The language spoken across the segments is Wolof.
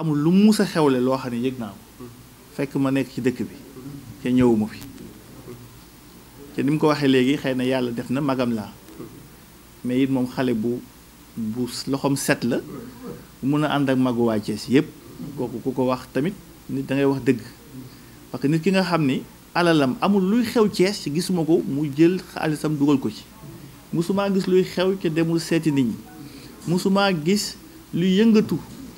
amul lu mu mus a xewle loo xam ne yëg naa ko mm-hmm. fekk ma nekk ci dëkk bi ca ñëwuma fi mm-hmm. te ni mu ko waxee léegi xëy na yàlla def na magam laa mm-hmm. mais it moom xale bu bu loxoom set la mun a ànd ak magu Cees yëpp kooku ku ko wax tamit nit da ngay wax dëgg parce que nit ki nga xam ni alalam amul luy xew Cees gisuma ko mu jël alisam dugal ko ci musumaa gis luy xew ca demul seeti nit ñi musumaa gis lu yëngatu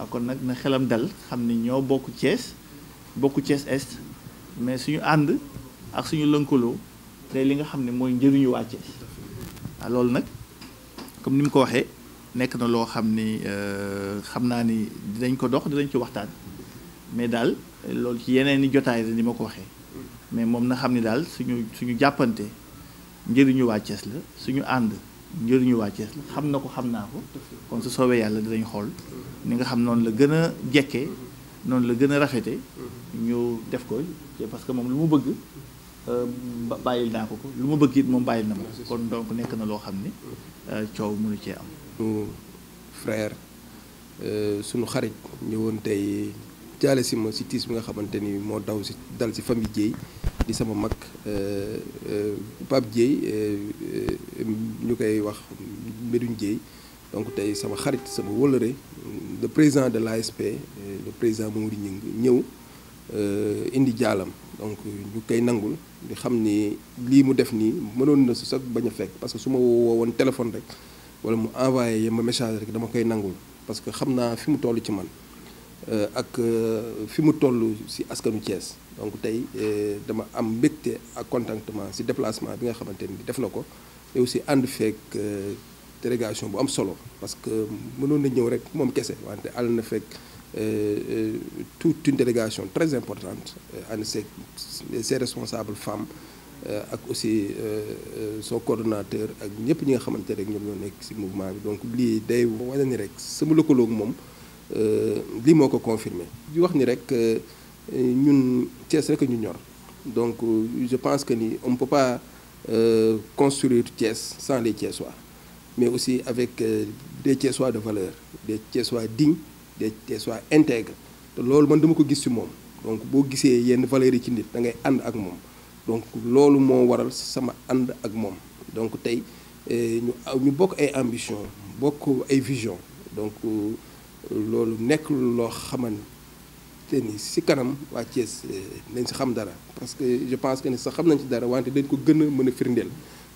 waaw kon nag na xelam dal xam ne ñoo bokk Thiès bokk Thiès Est mais suñu ànd ak suñu lënkaloo day li nga xam ne mooy njëriñu waa Thiès loolu nag comme ni mu ko waxee nekk na loo xam ni euh, xam naa ni dinañ ko dox dinañ ci waxtaan mais daal loolu ci yeneen i jotaay la ni ma ko waxee mais moom na xam ni daal suñu suñu jàppante njëriñu waa Thiès la suñu ànd njëriñu waa Thiès la xam na ko xam naa ko kon su soobee yàlla dinañ xool ni nga xam noonu la gën a jekkee noonu la gën a rafete ñu def ko parce que moom lu mu bëgg euh, bàyyil naa ko ko lu mu bëgg it moom bàyyil na ma kon donc nekk na loo xam ne euh, coow mënu cee am suñu frère euh, sunu xarit ñëwoon tey jaale si ma si tiis bi nga xamante ni moo daw si dal si famille Dieye di sama mag euh, euh, pap djey euh, ñu koy wax Medoune djey donc tay sama xarit sama wolere le président de l'ASP le président Mory ñew euh indi jalam donc ñu koy nangul di xamni li mu def ni mënon na su sax bañ a fekk parce que suma ma woowoon téléphone rek wala mu envoyé ma message rek dama kay nangul parce que xamna naa fi mu toll ci man ak fi mu toll si askanu Thiès donc tey eh, dama am mbégte ak contentement ci déplacement bi nga xamanteni def nako et aussi and fek eh, délégation bu am solo parce que mënon na ñëw rek mom kessé wante àll na fekk eh, toute une délégation très importante ànd seek ses responsables femmes ak aussi son coordinateur ak ñëpp ñi nga xamanteni rek ñom ñoo nekk ci mouvement bi donc lii day wane ni rek sama lëkkaloogu moom lii li moko confirmer di wax ni rek ñun Thiès rek ñu ñor donc euh, je pense que ni on ne peut pas euh, construire Thiès sans les Thiessois mais aussi avec euh, des Thiessois de valeur des Thiessois dignes des Thiessois intègres te lolu man dama ko gis ci mom donc bo gisee yenn valeur ci nit da ngay and ak mom donc lolu mo waral sama and ak mom donc tay eh, ñu ñu bokk ay ambition bokk ay vision donc euh, lolu nekk lo xamante te ni si kanam waa Thiès eh, nañ si xam dara parce que je pense que ni sax xam nañ ci dara wante dañ ko gëna mëna mën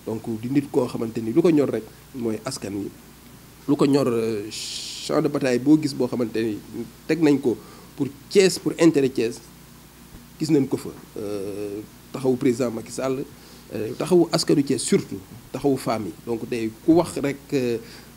donc di nit ko xamanteni luko ñor rek moy askan wi luko ñor eh, champ de bataille bo gis bo xamanteni tek nañ ko pour ties pour intérêt ties gis nañ ko fa euh taxawu président Macky Sall eh, taxawu askanu ties surtout taxawu femmes donc day ku wax rek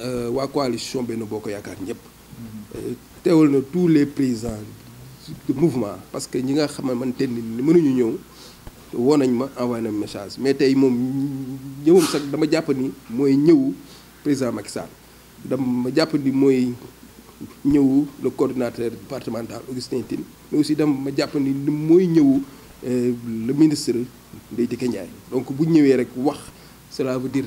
Euh, waa coalition boo ko Yaakaar ñëpp euh, teewal na tous les présidents de mouvement parce que ñi nga man xamante ni mënuñu ñëw woo nañ ma envoyé na message mais tey moom ñëwam sax dama jàpp ni mooy ñëw président Macky Sall dama jàpp ni mooy ñëw le coordinateur départemental Augustin Tine mais aussi dama jàpp ni mooy ñëw euh, le ministre Ndèye Tické Ndiaye donc bu ñëwee rek wax cela veut dire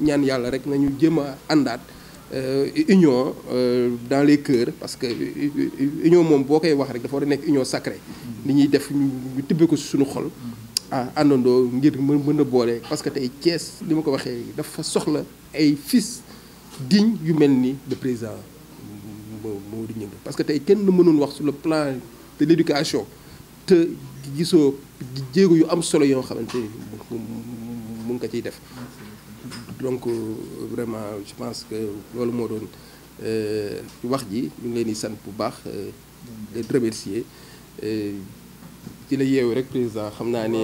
ñaan yàlla rek nañu jéem a àndaat euh, union euh, dans les cœurs parce que euh, union moom boo koy wax rek dafa war a nekk union sacrée li ñuy def ñu tibbee ko si suñu xol ah àndandoo ngir mën mën a boole parce que tey Thiès li ma ko waxee dafa soxla ay fis digne yu mel ni le président Mamadou parce que tey kenn mënul wax sur le plan de l'éducation te gisoo jéego yu am solo yoo xamante ni mu nga ko ciy def donc euh, vraiment je pense que loolu moo doon euh, wax ji ñu ngi leen di sant bu baax leen euh, remercier ci la yeewu rek président xam naa ne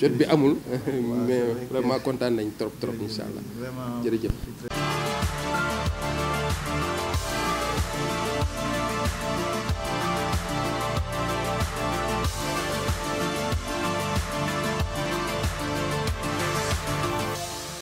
jot bi amul mais vraiment kontaan nañ trop trop incha allah jërëjëf